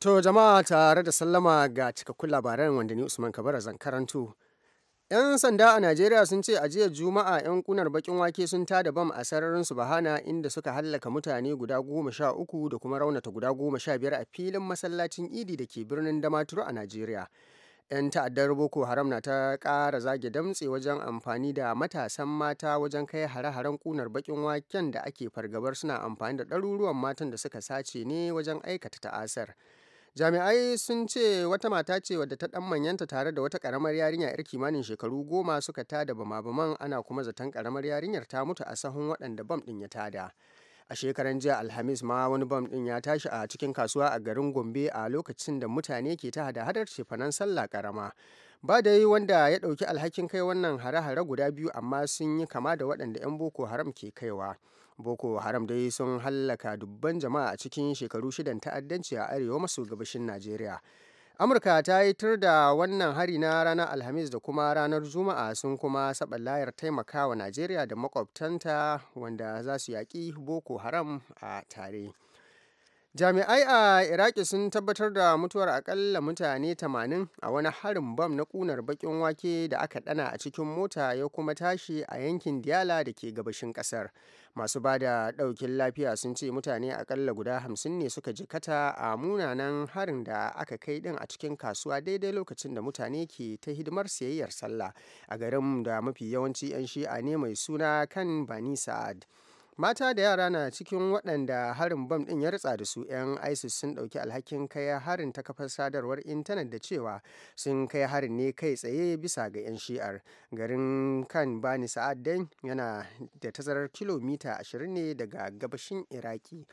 To jama'a tare da sallama ga cikakkun labaran wanda ni Usman Kabara zan karanto. 'Yan sanda a Najeriya sun ce a jiya Juma'a 'yan kunar bakin wake sun tada bam a sararin su bahana inda suka hallaka mutane guda goma sha uku da kuma raunata guda goma sha biyar a filin masallacin Idi da ke birnin Damaturu a Najeriya. 'yan ta'addar boko haram na ta kara zage damtse wajen amfani da matasan mata wajen kai hare-haren kunar bakin waken da ake fargabar suna amfani da ɗaruruwan matan da suka sace ne wajen aikata ta'asar. Jami'ai sun ce wata mata ce wadda ta ɗan manyanta tare da wata karamar yarinya 'yar kimanin shekaru goma suka tada bama-baman ana kuma zaton karamar yarinyar ta mutu a sahun waɗanda bam ɗin ya tada. a shekaran jiya alhamis ma wani bam ɗin ya tashi a cikin kasuwa a garin gombe a lokacin da mutane ke ta hada-hadar shefanan sallah karama ba da yi wanda ya ɗauki alhakin kai wannan hare-hare guda biyu amma sun yi kama da waɗanda 'yan boko haram ke kaiwa boko haram dai sun hallaka dubban jama'a a cikin shekaru shidan ta'addanci a arewa maso gabashin najeriya amurka ta yi tur da wannan hari na ranar alhamis da kuma ranar juma'a sun kuma saba layar taimakawa najeriya da makwabtanta wanda za su yaƙi boko haram a tare jami'ai a iraki sun tabbatar da mutuwar akalla mutane 80 a wani harin bam na kunar bakin wake da aka dana a cikin mota ya kuma tashi a yankin diyala da ke gabashin kasar masu ba da daukin lafiya sun ce mutane akalla guda 50 ne suka jikata a munanan harin da aka kai din a cikin kasuwa daidai lokacin da mutane ke ta hidimar siyayyar sallah a garin da mafi yawanci 'yan shi'a ne mai suna kan bani sa'ad mata da yara na cikin waɗanda harin bom ɗin ya ritsa da su 'yan isis sun ɗauki alhakin kai harin ta kafar sadarwar intanet da cewa sun kai harin ne kai tsaye bisa ga 'yan shi'ar garin kan bani sa'ad dan yana da tazarar kilomita 20 ne daga gabashin iraki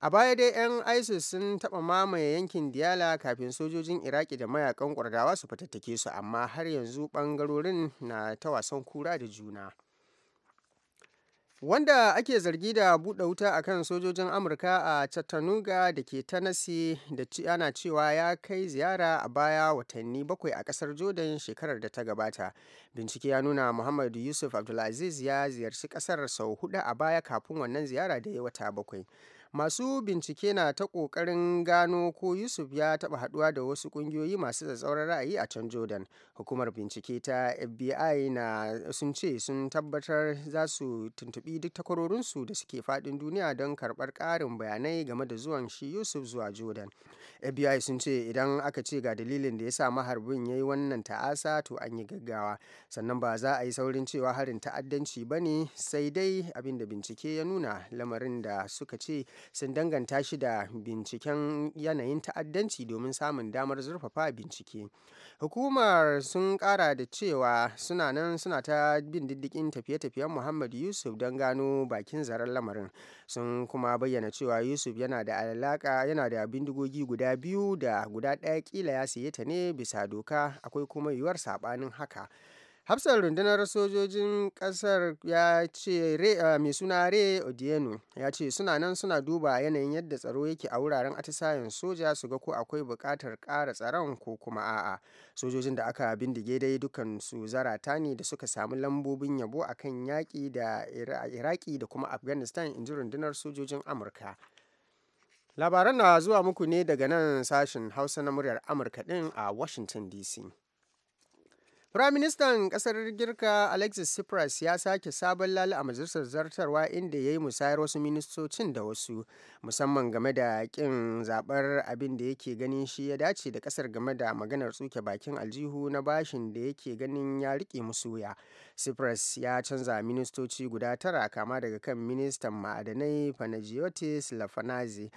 a baya dai 'yan isis sun taɓa mamaye yankin diyala kafin sojojin iraki da mayakan kwardawa su fatattake su amma har yanzu ɓangarorin na ta wasan kura da juna wanda ake zargi da buɗe wuta a kan sojojin amurka a chattanooga da ke Ta'Nasi da ana cewa ya kai ziyara a baya watanni bakwai a ƙasar jordan shekarar da ta gabata bincike ya nuna muhammadu yusuf abdulaziz ya ziyarci ƙasar sau hudu a baya kafin wannan ziyara da ya wata bakwai Masu bincike na ta ƙoƙarin gano ko Yusuf ya taɓa haɗuwa da wasu ƙungiyoyi masu tsatsauran ra'ayi a can Jordan. Hukumar bincike ta FBI na sun ce sun tabbatar za su tuntuɓi duk takwarorinsu da suke faɗin duniya don karɓar ƙarin bayanai game da zuwan shi Yusuf zuwa Jordan. FBI sun ce idan aka ce ga dalilin da ya sa maharbin ya yi wannan ta'asa to an yi gaggawa. Sannan ba za a yi saurin cewa harin ta'addanci ba ne sai dai abin da bincike ya nuna lamarin da suka ce sun danganta shi da binciken yanayin ta'addanci domin samun damar zurfafa bincike hukumar sun kara da cewa suna nan suna ta bin diddikin tafiye-tafiyen muhammad yusuf don gano bakin zarar lamarin sun kuma bayyana cewa yusuf yana da alaka yana da bindigogi guda biyu da guda ɗaya kila ya siye ta ne bisa doka akwai kuma yiwuwar saɓanin haka hafsan rundunar sojojin kasar ya ce mai suna re odienu ya ce suna nan suna duba yanayin yadda tsaro yake a wuraren atisayen soja su ga ko akwai bukatar ƙara tsaron ko kuma a'a sojojin da aka bindige dai dukan su zarata ne da suka samu lambobin yabo a kan yaƙi da iraki da kuma afghanistan in ji rundunar sojojin amurka labaran na zuwa muku ne daga nan sashen hausa na muryar amurka din a washington dc Firaministan ƙasar Girka Alexis Tsipras ya sake sabon lali a majalisar zartarwa inda ya yi musayar wasu ministocin da wasu musamman game da ƙin zaɓar abin da yake ganin shi ya dace da ƙasar game da maganar tsuke bakin aljihu na bashin da yake ganin ya rike musu wuya. Tsipras ya canza ministoci guda tara kama daga kan ministan ma'adanai Panagiotis Lafanazi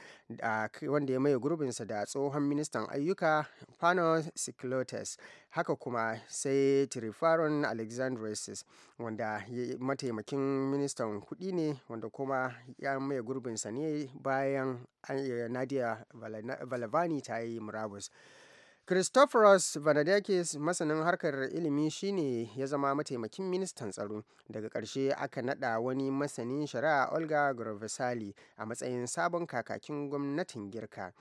wanda ya maye gurbinsa da tsohon ministan ayyuka Panos Siklotes haka kuma sai tirifaron alexandresis wanda mataimakin ministan kudi ne wanda kuma ya maye gurbinsa ne bayan eh, nadia valavani ta yi murabus Christophorus Vanadakis masanin harkar ilimi shine ya zama mataimakin ministan tsaro daga ƙarshe aka nada wani masanin shari'a Olga Grovesali a matsayin sabon kakakin gwamnatin Girka.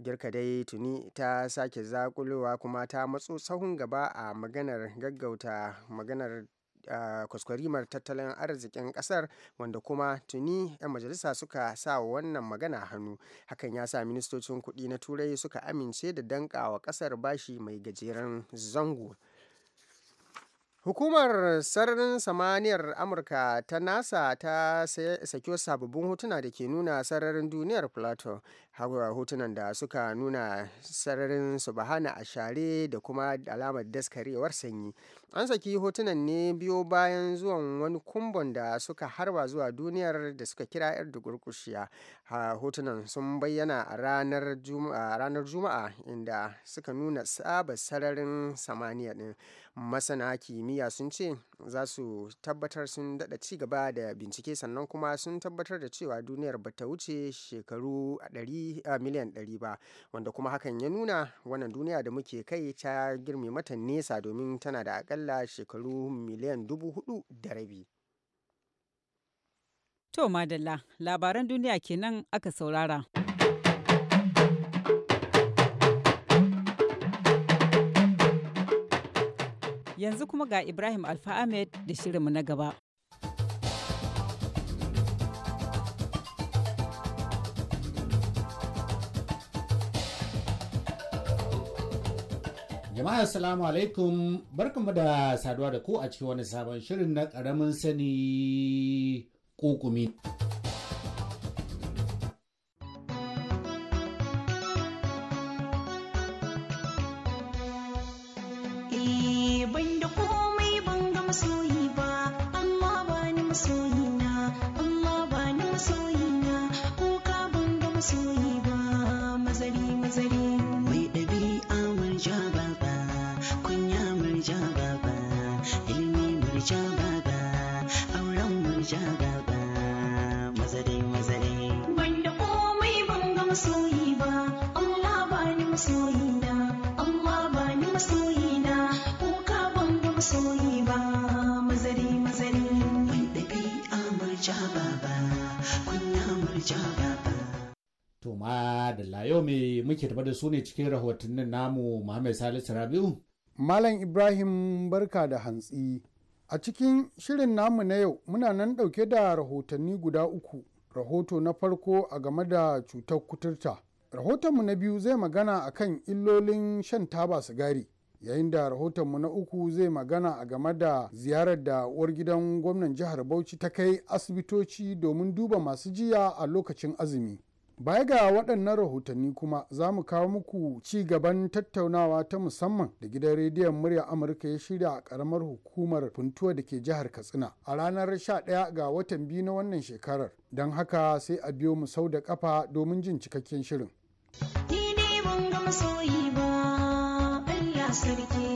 girka dai tuni ta sake zakulowa kuma ta matso sahun gaba a maganar gaggauta maganar Uh, kwaskwarimar tattalin arzikin kasar wanda kuma tuni 'yan majalisa suka sa wannan magana hannu hakan ya sa ministocin kudi na turai suka amince da dankawa kasar bashi mai gajeren zango Hukumar sararin samaniyar Amurka ta NASA ta saki sababbin hotuna da ke nuna sararin duniyar Plato. har hotunan da suka nuna sararin subhana a share da kuma alamar daskarewar sanyi an saki hotunan ne biyo bayan zuwan wani kumbon da suka harba zuwa duniyar da suka kira yar dugurkushiya hotunan sun bayyana a ranar juma'a inda suka nuna saba sararin samaniya din masana kimiyya sun ce za su tabbatar sun daɗa ci gaba da bincike sannan kuma sun tabbatar da cewa duniyar bata wuce shekaru 100 a miliyan ɗari ba wanda kuma hakan ya nuna wannan duniya da muke kai ta girme mata nesa domin tana da akalla shekaru miliyan dubu hudu da rabi. To Madalla, labaran duniya kenan aka saurara. Yanzu kuma ga Ibrahim Alfa Ahmed da shirinmu na gaba. Jama'a assalamu alaikum barkanmu da saduwa da ku a cikin wani sabon shirin na ƙaramin sani kokumi. Iban eh, da kuma muke tafa da su ne cikin rahotannin namu Muhammad Salisu Rabiu. Malam Ibrahim barka da hantsi. A cikin shirin namu na yau muna nan ɗauke da rahotanni guda uku. Rahoto na farko a game da cutar kuturta. Rahotonmu na biyu zai magana a kan illolin shan taba sigari. Yayin da rahotonmu na uku zai magana a game da ziyarar da uwar gidan gwamnan jihar Bauchi ta kai asibitoci domin duba masu jiya a lokacin azumi. Baya ga waɗannan rahotanni kuma za mu kawo muku ci gaban tattaunawa ta musamman da gidan rediyon murya Amurka ya shirya a ƙaramar hukumar Funtuwa da ke jihar Katsina a ranar 11 ga watan biyu na wannan shekarar. Don haka sai a biyo mu sau da ƙafa domin jin cikakken shirin. Ni ban ga masoyi ba, Allah sarki.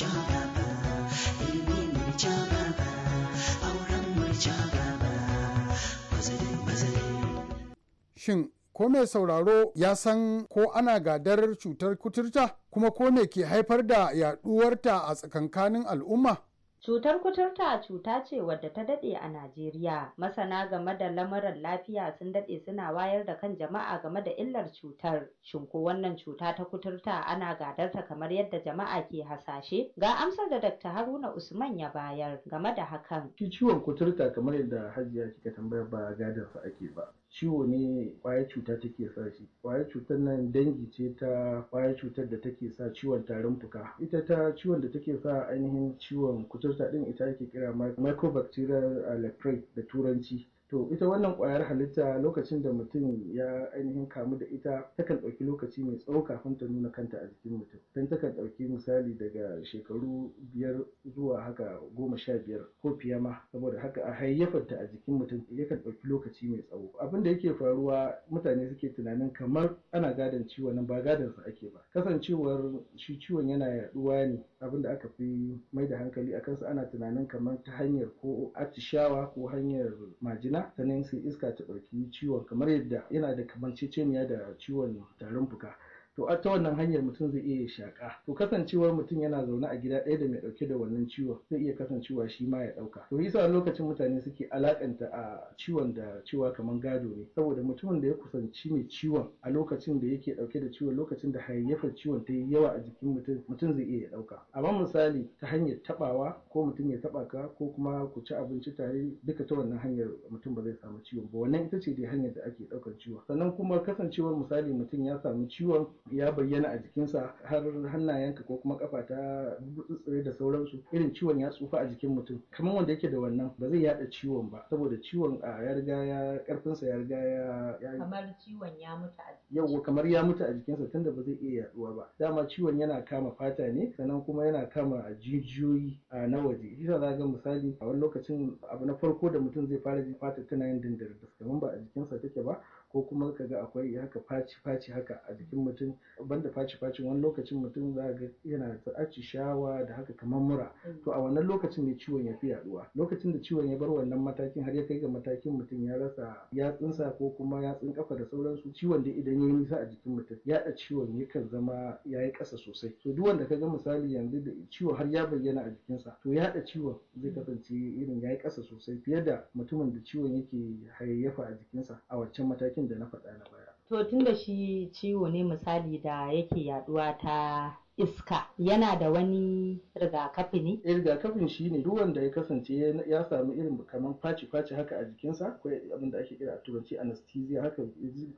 shin ko mai sauraro ya san ko ana gadar cutar kuturta kuma ko me ke haifar da yaduwarta a tsakankanin al'umma Cutar kuturta cuta ce wadda ta daɗe a Najeriya. Masana game da lamuran lafiya sun daɗe suna wayar da kan jama'a game da illar cutar. Shin ko wannan cuta ta kuturta ana gadarta kamar yadda jama'a ke hasashe? Ga amsar da Dr. Haruna Usman ya bayar game da hakan. Shi ciwon kuturta kamar yadda Hajiya kika tambaya ba gadarsa ake ba. ciwo ne ƙwayar cuta take sa shi ƙwayar cutar nan dangi ce ta ƙwayar cutar da take sa ciwon tarin fuka ita ta ciwon da take sa ainihin ciwon kuturta ɗin ita ake kira micro bacterial da turanci to ita wannan kwayar halitta lokacin da mutum ya ainihin kamu da ita takan ɗauki lokaci mai tsawo kafin ta nuna kanta a jikin mutum don takan ɗauki misali daga shekaru biyar zuwa haka goma sha biyar ko fiye ma saboda haka a hayyafarta a jikin mutum yakan ɗauki lokaci mai tsawo abin da yake faruwa mutane suke tunanin kamar ana gadon ciwon nan ba gadon sa ake ba kasancewar shi ciwon yana yaɗuwa ne abin da aka fi mai da hankali a kansa ana tunanin kamar ta hanyar ko atishawa ko hanyar majina sannan sai iska ta ɗauki ciwon kamar yadda yana da kamanceceniya da ciwon tarin fuka to a ta wannan hanyar mutum zai iya shaka, to kasancewar mutum yana zaune a gida ɗaya da mai ɗauke da wannan ciwon zai iya kasancewa shi ma ya ɗauka to yasa lokacin mutane suke alakanta a ciwon da cewa kamar gado ne saboda mutumin da ya kusanci mai ciwon a lokacin da yake ɗauke da ciwon lokacin da hayayyafar ciwon ta yi yawa a jikin mutum mutum zai iya ɗauka amma misali ta hanyar taɓawa ko mutum ya taɓa ka ko kuma ku ci abinci tare duka ta wannan hanyar mutum ba zai samu ciwon ba wannan ita ce dai hanyar da ake ɗaukar ciwon sannan kuma kasancewar misali mutum ya samu ciwon ya bayyana a jikinsa har hannayenka ko kuma kafa ta tsire da sauransu irin ciwon ya tsufa a jikin mutum kamar wanda yake da wannan ba zai yada ciwon ba saboda ciwon a ya riga ya karfinsa ya riga ya kamar ciwon ya mutu a jikinsa kamar ya mutu a jikinsa tunda ba zai iya yaduwa ba dama ciwon yana kama fata ne sannan kuma yana kama jijiyoyi na waje shi za ga misali a wani lokacin abu na farko da mutum zai fara ji fata tana yin dindirin kamar ba a jikinsa take ba ko kuma ka ga akwai haka faci faci haka a jikin mutum banda faci facin wani lokacin mutum za ga yana ta shawa da haka kamar mura mm. to a wannan lokacin ne ciwon ya fi yaduwa lokacin da ciwon ya bar wannan matakin har ya kai ga matakin mutum ya rasa yatsunsa ko kuma yatsun kafa da sauransu ciwon da idan ya yi nisa a jikin mutum yaɗa ciwon yakan zama ya yi ƙasa sosai to duk wanda ka ga misali yanzu da ciwo har ya bayyana a jikinsa to yaɗa ciwon zai mm. kasance irin ya yi ƙasa sosai fiye da mutumin da ciwon yake hayayyafa a jikinsa a wancan matakin matakin da na faɗa na baya to tunda shi ciwo ne misali da yake yaduwa ta iska yana da wani rigakafi ne? Eh rigakafin shi ne duk wanda ya kasance ya samu irin kaman faci faci haka a jikinsa akwai abin da ake kira a turanci anesthesia haka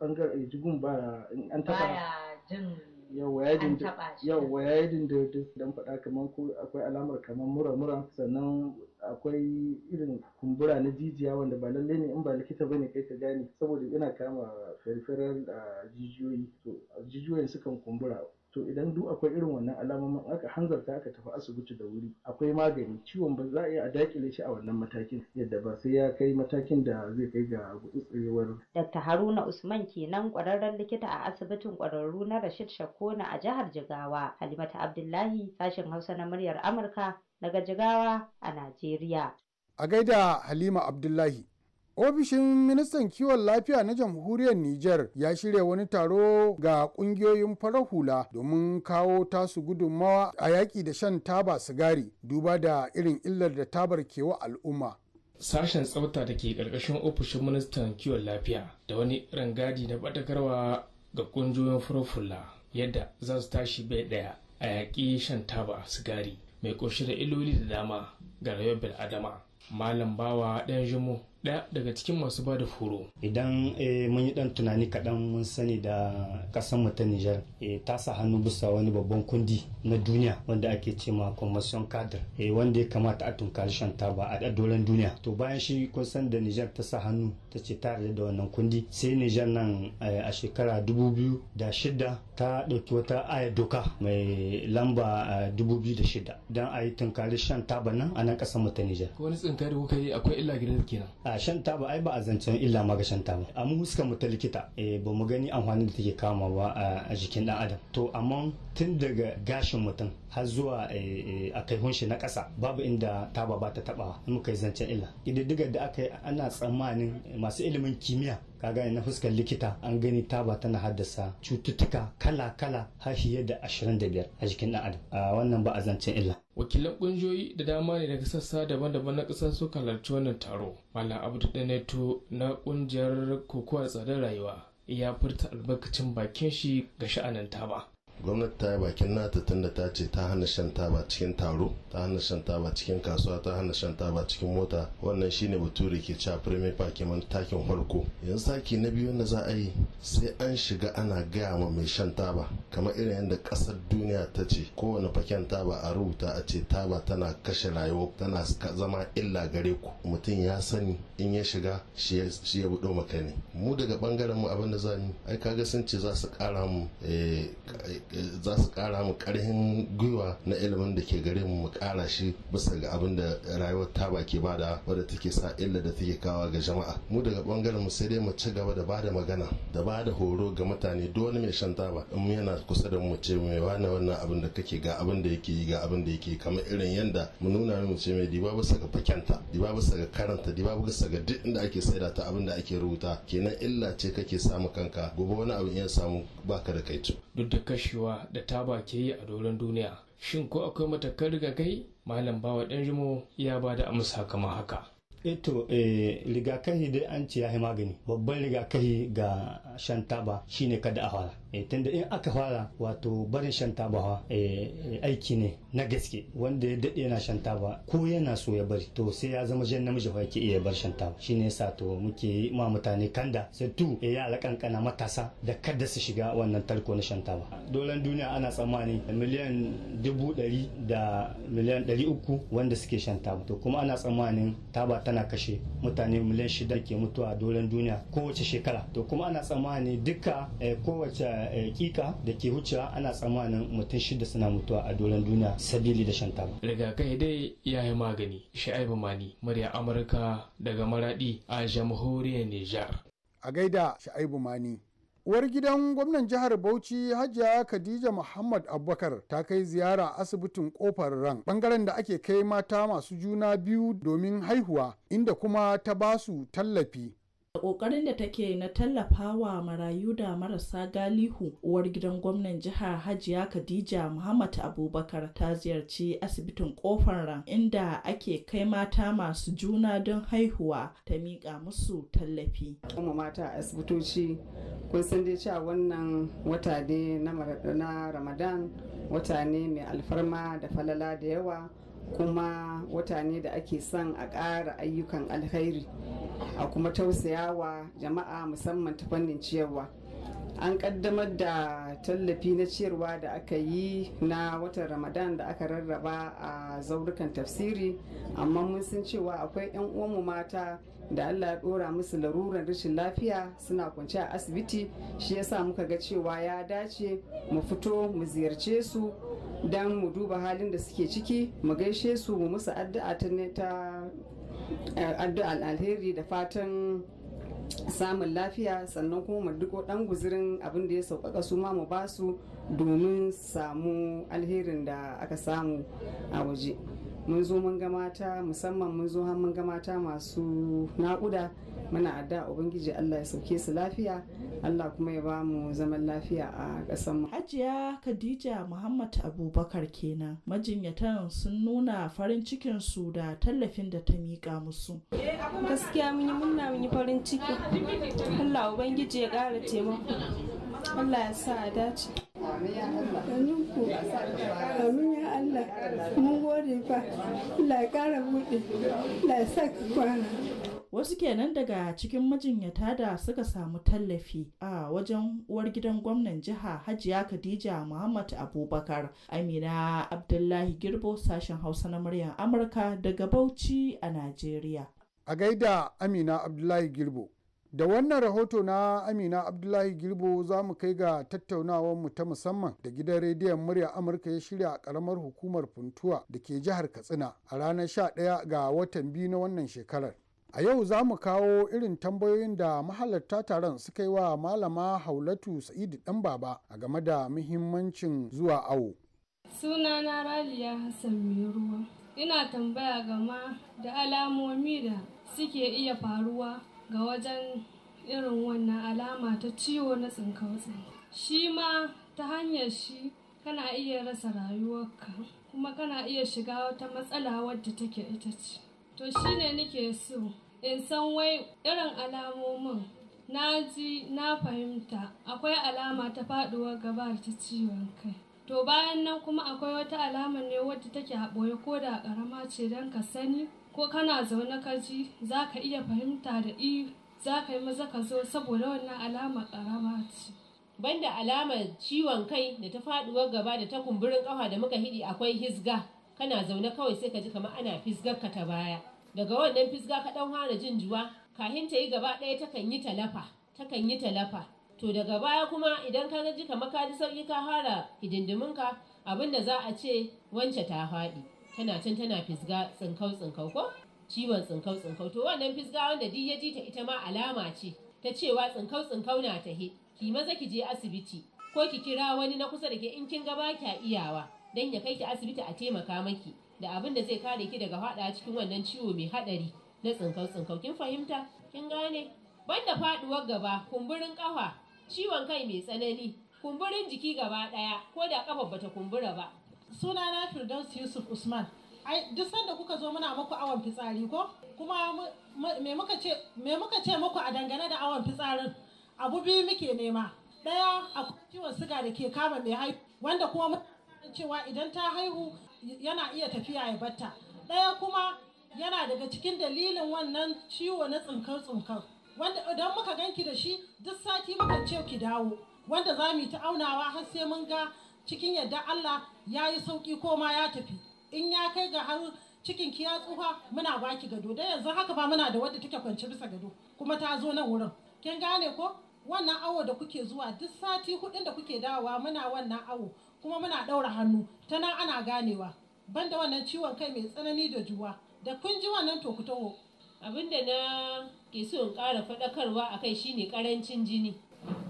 bangaren jigun ba an taba baya jin yawa ya din yawa ya din da dan faɗa kaman akwai alamar kaman mura mura sannan akwai irin kumbura na jijiya wanda ba lallai ne in ba likita bane kai ka gane saboda yana kama peripheral jijiyoyi to jijiyoyin sukan kumbura to idan duk akwai irin wannan alamomin aka hanzarta aka tafi asibiti da wuri akwai magani ciwon ba za a iya a dakile shi a wannan matakin yadda ba sai ya kai matakin da zai kai ga gutsitsirewar Dr. Haruna Usman kenan kwararren likita a asibitin kwararru na Rashid Shakona a jihar Jigawa Halimatu Abdullahi sashen Hausa na muryar Amurka na Jigawa a Najeriya. A gaida Halima Abdullahi. Ofishin Ministan Kiwon Lafiya na Jamhuriyar Nijar ya shirya wani taro ga kungiyoyin farar hula domin kawo tasu gudunmawa a yaƙi da shan taba sigari duba da irin illar da tabar kewa al'umma. Sashen tsafta da ke ƙarƙashin ofishin ministan kiwon lafiya da wani rangadi na batakarwa ga kungiyoyin farar hula yadda za su tashi bai ɗaya a yaƙi shan taba sigari mai ƙunshi da iloli da dama ga rayuwar bil'adama malam bawa ɗan jimo ɗaya daga cikin masu ba da horo. Idan eh, mun yi ɗan tunani kaɗan mun sani da ƙasar ta Nijar eh, ta sa hannu bisa wani babban kundi na duniya wanda ake ce ma Commission Cadre eh, wanda ya kamata a tunkari shan taba a doron duniya. To bayan shi kun san da Nijar ta sa hannu ta ce ta yarda da wannan kundi sai Nijar nan a shekara dubu biyu da shida ta ɗauki wata aya doka mai lamba dubu biyu da shida don a yi tunkari shan taba nan a nan ƙasar ta Nijar. Wani tsinkari kuka yi akwai illa gidan kenan. a shan taba ai ba a zancen illa ma ga shan taba amma huskan mu ta likita eh, ba mu gani amfanin da take kama ba a jikin dan adam to amma tun daga gashin mutum har zuwa eh, eh, a kaihun shi na ƙasa babu inda taba ba ta taɓa, muka yi zancen illa ƙididdigar da aka yi ana tsammanin masu ilimin kimiyya ka gane na fuskar likita an gani taba tana haddasa cututtuka kala-kala har fiye da 25 a jikin ɗan adam a wannan ba a zancen illa wakilan kungiyoyi da dama ne daga sassa daban-daban na ƙasa suka halarci wannan taro malam abdu daneto na ƙungiyar kokowar tsadar rayuwa ya furta albarkacin bakin shi ga sha'anin taba gwamnati ta yi bakin nata da ta ce ta hana shan taba cikin taro ta hana shan taba cikin kasuwa ta hana shan taba cikin mota wannan shine bature ke cewa premier park takin farko yanzu saki na biyu wanda za a yi sai an shiga ana gaya ma mai shan taba kamar irin yadda kasar duniya ta ce kowane faken taba a rubuta a ce taba tana kashe rayuwa tana zama illa gare ku mutum ya sani in ya shiga shi ya buɗo maka mu daga bangaren mu abin da za mu ai kaga sun ce za su ƙara mu eh, za su kara mu karhin gwiwa na ilimin da ke gare mu mu kara shi bisa ga abin da rayuwar ta baki bada wadda take sa illa da take kawo ga jama'a mu daga bangaren mu sai dai mu ci gaba da bada magana da bada horo ga mutane duk wani mai shan taba in yana kusa da mu ce mai wani wannan abin da kake ga abin da yake yi ga abin da yake kamar irin yanda mu nuna mu ce mai diba bisa ga fakenta diba bisa ga karanta diba bisa ga duk inda ake saida ta abin da ake rubuta kenan illa ce kake samu kanka gobe wani abin ya samu baka da kaitu duk da kashi cewa da taba ke yi a doron duniya shin ko akwai matakan rigakai malam bawa dan rimo ya ba da amsa kamar haka eto eh, eh, rigakafi dai an ce ya magani babban rigakafi ga shan taba shine kada a fara eh, tunda in aka fara wato barin shan taba aiki ne na gaske wanda ya dade yana shan taba ko yana so ya bari to sai ya zama jan namiji fa yake iya bar shantaba taba shine yasa to muke ma mutane kanda sai tu yara kankana matasa da kada su shiga wannan tarko na shantaba taba dolan duniya ana tsammani miliyan dubu dari da miliyan dari uku wanda suke shan taba to kuma ana tsammanin taba ta tana kashe mutane miliyan shida ke mutuwa a doron duniya kowace shekara to kuma ana tsammani duka eh, kowace eh, kika da ke wucewa ana tsammanin mutum shida suna mutuwa a doron duniya sabili da shan taba rigakafi dai ya yi magani sha'ibu mani murya amurka daga maradi a jamhuriyar nijar a gaida sha'ibu mani uwar gidan gwamnan jihar bauchi hajiya khadija muhammad abubakar ta kai ziyara asibitin kofar ran bangaren da ake kai mata masu juna biyu domin haihuwa inda kuma ta basu tallafi da kokarin da take na tallafawa marayu da marasa galihu uwar gidan gwamnan jihar hajiya khadija muhammad abubakar ta ziyarci asibitin kofar ran inda ake kai mata masu juna don haihuwa ta miƙa musu tallafi kuma mata asibitoci kun san dai cewa wannan wata ne na ramadan wata ne mai alfarma da falala da yawa kuma wata ne da ake son a ƙara ayyukan alkhairi a kuma tausayawa jama'a musamman ta fannin ciyarwa an kaddamar da tallafi na ciyarwa da aka yi na watan ramadan da aka rarraba a zaurukan tafsiri amma mun san cewa akwai 'yan uwanmu mata da allah ya dora musu laruran rashin lafiya suna kwance a asibiti shi yasa muka ga cewa ya dace mu fito mu ziyarce su don mu duba halin da suke ciki mu gaishe su mu musu addu'a ta eh, addu'a alheri da fatan samun lafiya sannan kuma mu duko dan guzirin abin da ya sauƙaƙa su ma mu basu domin samu alherin da aka samu a waje. mun zo mun ga mata musamman mun zo har mun ga mata masu naƙuda muna adda ubangiji Allah ya sauke su lafiya Allah kuma ya ba mu zaman lafiya a ƙasar mu Hajiya Khadija Muhammad Abubakar kenan majinyatan sun nuna farin cikin su da tallafin da ta miƙa musu gaskiya mun yi munna mun yi farin ciki Allah ubangiji ya ƙara taimako Allah ya sa a dace Amin ya Allah mun gode fa Allah ya ƙara buɗe Allah sa ka kwana wasu kenan daga cikin majinyata da suka samu tallafi a wajen uwar gidan gwamnan jiha hajiya khadija muhammad abubakar amina abdullahi girbo sashen hausa na muryar amurka daga bauchi a najeriya a gaida amina abdullahi girbo Da wannan rahoto na Amina Abdullahi Girbo za mu kai ga mu ta musamman da gidan rediyon murya Amurka ya shirya a ƙaramar hukumar Funtuwa da ke jihar Katsina a ranar sha 11 ga watan biyu na wannan shekarar. A yau za mu kawo irin tambayoyin da mahalarta taron suka yi wa malama Haulatu Sa'idu ɗan baba a game da muhimmancin zuwa awo. Sunana Raliya Hassan ruwa Ina tambaya gama da alamomi da suke iya faruwa ga wajen irin wannan alama ta ciwo na tsinkau-tsinkau shi ma ta hanyar shi kana iya rasa rayuwarka kuma kana iya shiga wata matsala wadda take ita ce to shi ne nake so in san wai irin alamomin na ji na fahimta akwai alama ta faduwar gaba ta ciwon kai to bayan nan kuma akwai wata alama ne wadda take haɓoye ko da ƙarama ce don ka sani ko kana zaune ka ji za ka iya fahimta da i za ka yi maza ka zo saboda wannan alama karama ce banda alamar ciwon kai da ta faduwar gaba da ta kumburin kafa da muka hidi akwai hisga kana zaune kawai sai ka ji kamar ana fisgar ka ta baya daga wannan fisga ka dan fara jin juwa kahin ta yi gaba ɗaya ta kan yi talafa takan yi talafa to daga baya kuma idan ka ji kamar ka ji sauki ka fara hidindimin ka abinda za a ce wance ta faɗi tana can tana fisga tsinkau tsinkau ko ciwon tsinkau tsinkau to wannan fisga wanda duk ya ji ta ita ma alama ce ta cewa tsinkau tsinkau na ta he ki maza ki je asibiti ko ki kira wani na kusa da ke in kin ga ba kya iyawa dan ya kai ki asibiti a taimaka maki da abin da zai kare ki daga fada cikin wannan ciwo mai haɗari na tsinkau tsinkau kin fahimta kin gane banda faɗuwar gaba kumburin kafa ciwon kai mai tsanani kumburin jiki gaba ɗaya, ko da kafa bata kumbura ba suna na firdaus yusuf usman ai duk sanda kuka zo muna muku awon fitsari ko kuma me muka ce muku a dangane da awon fitsarin abu biyu muke nema daya akwai ciwon siga da ke kama mai haihu wanda kuma cewa idan ta haihu yana iya tafiya ya batta daya kuma yana daga cikin dalilin wannan ciwo na tsinkar tsinkar wanda idan muka ganki da shi duk sati muka ce ki dawo wanda za mu yi ta aunawa har sai mun ga cikin yadda Allah ya yi sauki ko ma ya tafi in ya kai ga har cikin ki ya tsufa muna baki gado da yanzu haka ba muna da wadda take kwance bisa gado kuma ta zo nan wurin kin gane ko wannan awo da kuke zuwa duk sati hudun da kuke dawowa muna wannan awo kuma muna ɗaura hannu ta nan ana ganewa banda wannan ciwon kai mai tsanani da juwa da kun ji wannan to ku abin na ke so in ƙara faɗakarwa akai shine ƙarancin jini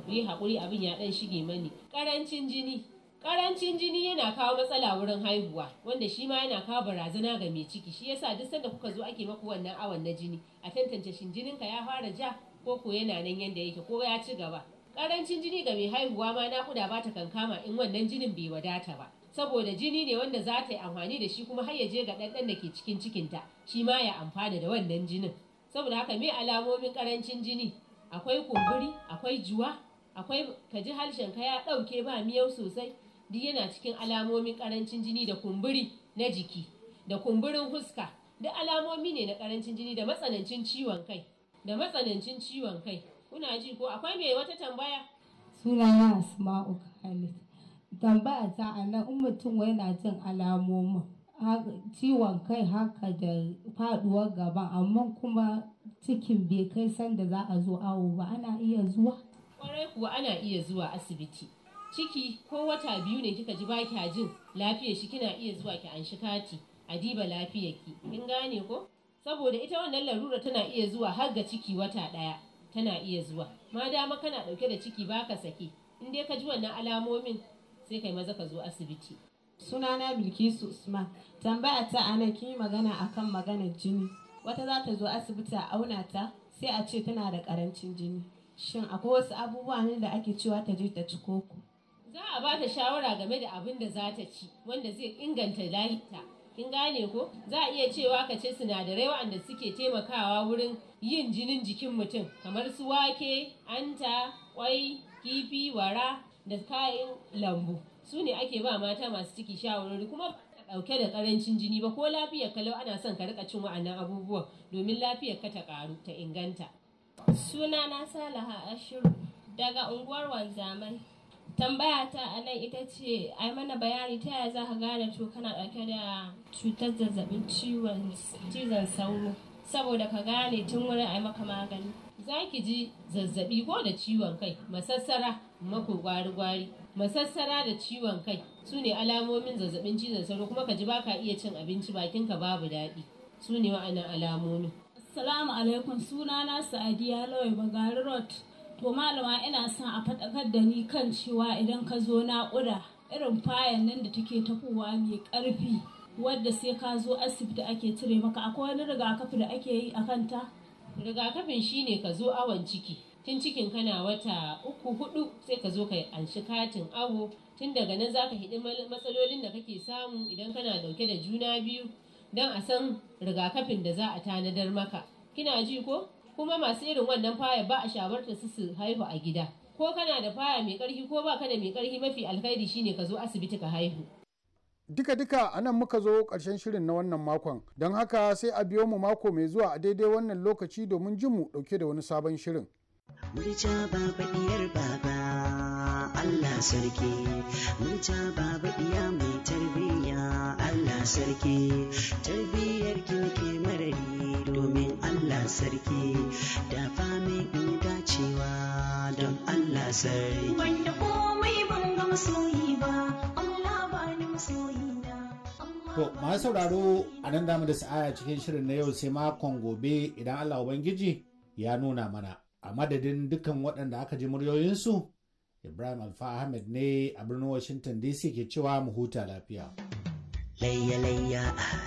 ni haƙuri abin ya ɗan shige mani ƙarancin jini Karancin jini yana kawo matsala wurin haihuwa wanda shi ma yana kawo barazana ga mai ciki shi yasa duk sanda kuka zo ake maku wannan awon na jini a tantance shin jinin ka ya fara ja ko ko yana nan yanda yake ko ya ci gaba. Karancin jini ga mai haihuwa ma na nakuda ba ta kankama in wannan jinin bai wadata ba. Saboda jini ne wanda za ta yi amfani da shi kuma har ya je ga ɗanɗan da ke cikin cikinta shi ma ya amfana da wannan jinin. Saboda haka me alamomin karancin jini akwai kumburi akwai juwa akwai ka ji harshen ka ya ɗauke ba miyau sosai duk yana cikin alamomin karancin jini da kumburi na jiki da kumburin huska duk alamomi ne na karancin jini da matsanancin ciwon kai da matsanancin ciwon kai kuna ji ko akwai mai wata tambaya sunana asma'u khalid tambaya ta anan in mutum yana jin alamomin ciwon kai haka da faduwar gaba amma kuma cikin bai kai sanda za a zo awo ba ana iya zuwa kwarai kuwa ana iya zuwa asibiti ciki ko wata biyu ne kika ji baki a jin lafiyar shi kina iya zuwa ki anshi kati a diba lafiyar ki kin gane ko saboda ita wannan larura tana iya zuwa har ga ciki wata daya tana iya zuwa ma dama kana dauke da ciki baka sake in dai ka ji wannan alamomin sai kai maza ka zo asibiti sunana bilkisu usman tambaya ta anan kin yi magana akan maganar jini wata za ta zo asibiti a auna ta sai a ce tana da karancin jini shin akwai wasu abubuwa ne da ake cewa ta je ta ci koko za a ba ta shawara game da abin da za ta ci wanda zai inganta lahita kin gane ko za a iya cewa ka ce sinadarai waɗanda suke taimakawa wurin yin jinin jikin mutum kamar su wake anta kwai kifi wara da kayan lambu su ne ake ba mata masu ciki shawarwari kuma ba ɗauke da ƙarancin jini ba ko lafiyar kalau ana son ka rika cin wa'annan abubuwan domin lafiyar ka ta ƙaru ta inganta sunana salaha ashiru daga unguwar wanzamai tambaya ta a nan ita ce ai mana bayani ta yaya za ka gane to kana ɗauke da cutar zazzabin cizon sauro saboda ka gane tun wurin a maka magani za ki ji zazzabi ko da ciwon kai masassara mako gwari-gwari masassara da ciwon kai su ne alamomin zazzabin cizon sauro kuma ka ji ba ka iya cin abinci bakin ka babu daɗi su ne wa'annan Suna assalamu alaikum sunana sa'adiya lawai bagari road to malama ina son a faɗakar da ni kan cewa idan ka zo naƙuda irin fayan nan da take tafowa mai ƙarfi wadda sai ka zo asibiti ake cire maka akwai wani rigakafi da ake yi a kanta rigakafin shine ka zo awon ciki tun cikin kana wata uku hudu sai ka zo ka anshi katin awo tun daga nan zaka hidi matsalolin da kake samu idan kana dauke da juna biyu don a san rigakafin da za a tanadar maka kina ji ko kuma masu irin wannan faya ba a shawarta su su haihu a gida ko kana da faya mai karfi ko ba kana mai karfi mafi alkhairi shine ka zo asibiti ka haihu Duka-duka a nan muka zo karshen shirin na wannan makon, don haka sai a biyo mu mako mai zuwa a daidai wannan lokaci domin jin mu dauke da wani sabon shirin. Murja baba. Allah sarki ta baba iya mai tarbiyya Allah sarki tarbiyyar ke marari domin Allah sarki da fami in dacewa don Allah sarki wanda komai ban ga masoyi ba Allah ba ni masoyi To, masu sauraro a nan damu da sa'aya cikin shirin na yau sai makon gobe idan Allah Ubangiji ya nuna mana. A madadin dukkan waɗanda aka ji muryoyinsu, Ibrahim Alfa Ahmed ne a birnin Washington DC ke cewa mu huta lafiya. Layya layya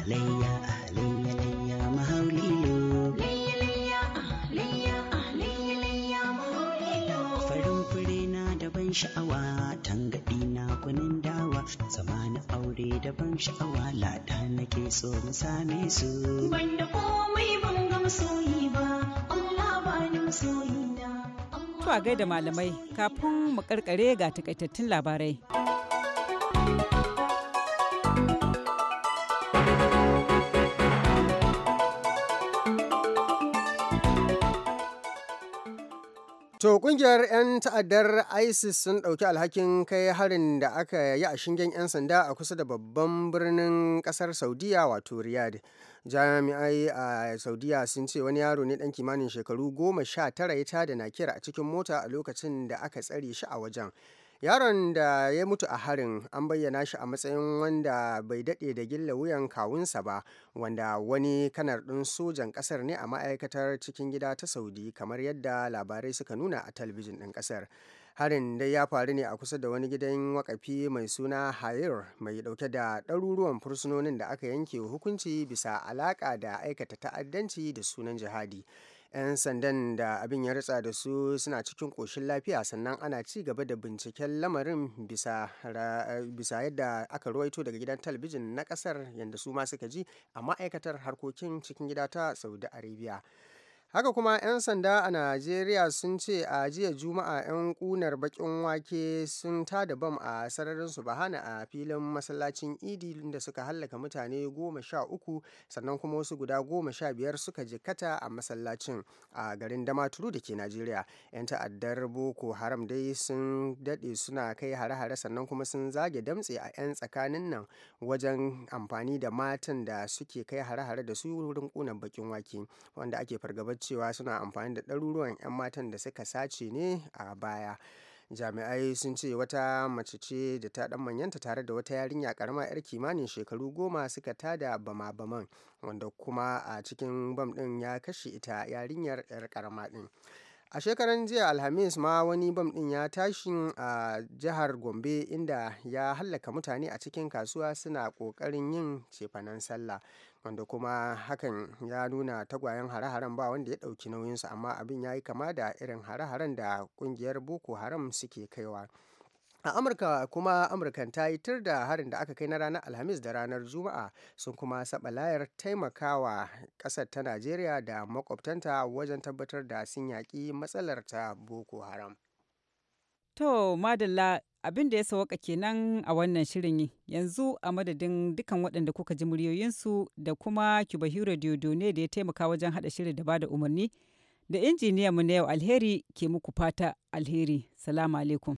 layya layya layya mahaulilo. Layya layya layya layya layya mahaulilo. Farin fure na da ban sha'awa tangaɗi na kunin dawa zama na aure da ban sha'awa lada nake so mu same su. Ban da komai ban gamsoyi ba Allah ba ni masoyi. To a gaida malamai kafin mu karkare ga takaitattun labarai. To kungiyar 'yan ta'addar ISIS sun ɗauki alhakin kai harin da aka yi a shingen 'yan sanda a kusa da babban birnin ƙasar Saudiya wato Riyadh. jami'ai a saudiya sun ce wani yaro ne dan kimanin shekaru goma sha tara ya tada nakira a cikin mota a lokacin da aka tsare shi a wajen yaron da ya mutu a harin an bayyana shi a matsayin wanda bai daɗe da gilla wuyan kawunsa ba wanda wani kanar ɗin sojan ƙasar ne a ma'aikatar cikin gida ta saudi kamar yadda labarai suka nuna a talabijin ɗin ƙasar harin dai ya faru ne a kusa da wani gidan wakafi mai suna hayir mai dauke da ɗaruruwan fursunonin da aka yanke hukunci bisa alaƙa da aikata ta'addanci da sunan jihadi 'yan sandan da abin ya ritsa da su suna cikin koshin lafiya sannan ana ci gaba da binciken lamarin bisa yadda aka ruwaito daga gidan talabijin na kasar yadda su ma suka ji a ma'aikatar harkokin cikin gida ta saudi arabia Haka kuma, ‘yan sanda a Najeriya sun ce a jiya Juma'a ‘yan kunar baƙin wake sun ta da bam a sararin su bahana a filin masallacin Idi da suka hallaka mutane goma sha uku sannan kuma wasu guda goma sha biyar suka jikkata a masallacin a garin Damaturu da ke Najeriya. ‘Yan ta'addar Boko Haram dai sun daɗe suna kai hare-hare sannan kuma sun zage damtse a ‘yan tsakanin nan wajen amfani da matan da suke kai hare-hare da su wurin ƙunar baƙin wake wanda ake fargabar cewa suna amfani da ɗaruruwan 'yan matan da suka sace ne a baya jami'ai sun ce wata mace ce da ta dan manyanta tare da wata yarinya karama yar kimanin shekaru goma suka tada bama-baman wanda kuma a cikin bam din ya kashe ita yarinyar yar karama din a shekaran jiya alhamis ma wani bam din ya tashi a jihar gombe inda ya hallaka mutane a cikin kasuwa suna kokarin yin cefanen sallah wanda kuma hakan ya nuna tagwayen hare-haren ba wanda ya ɗauki nauyinsa amma abin ya yi kama da irin hare-haren da ƙungiyar boko haram suke kaiwa a amurka kuma amurkan ta yi tur da harin da aka kai na ranar alhamis da ranar juma'a sun kuma saba layar taimakawa kasar ta najeriya da makwabtanta wajen tabbatar da sun yaƙi matsalar ta boko haram to madalla abin da ya sauka kenan a wannan shirin yanzu a madadin dukan waɗanda kuka ji muryoyinsu da kuma kibahiro ne da ya taimaka wajen haɗa shirin da ba da umarni da injiniyan mu na yau alheri ke muku fata alheri salamu alaikum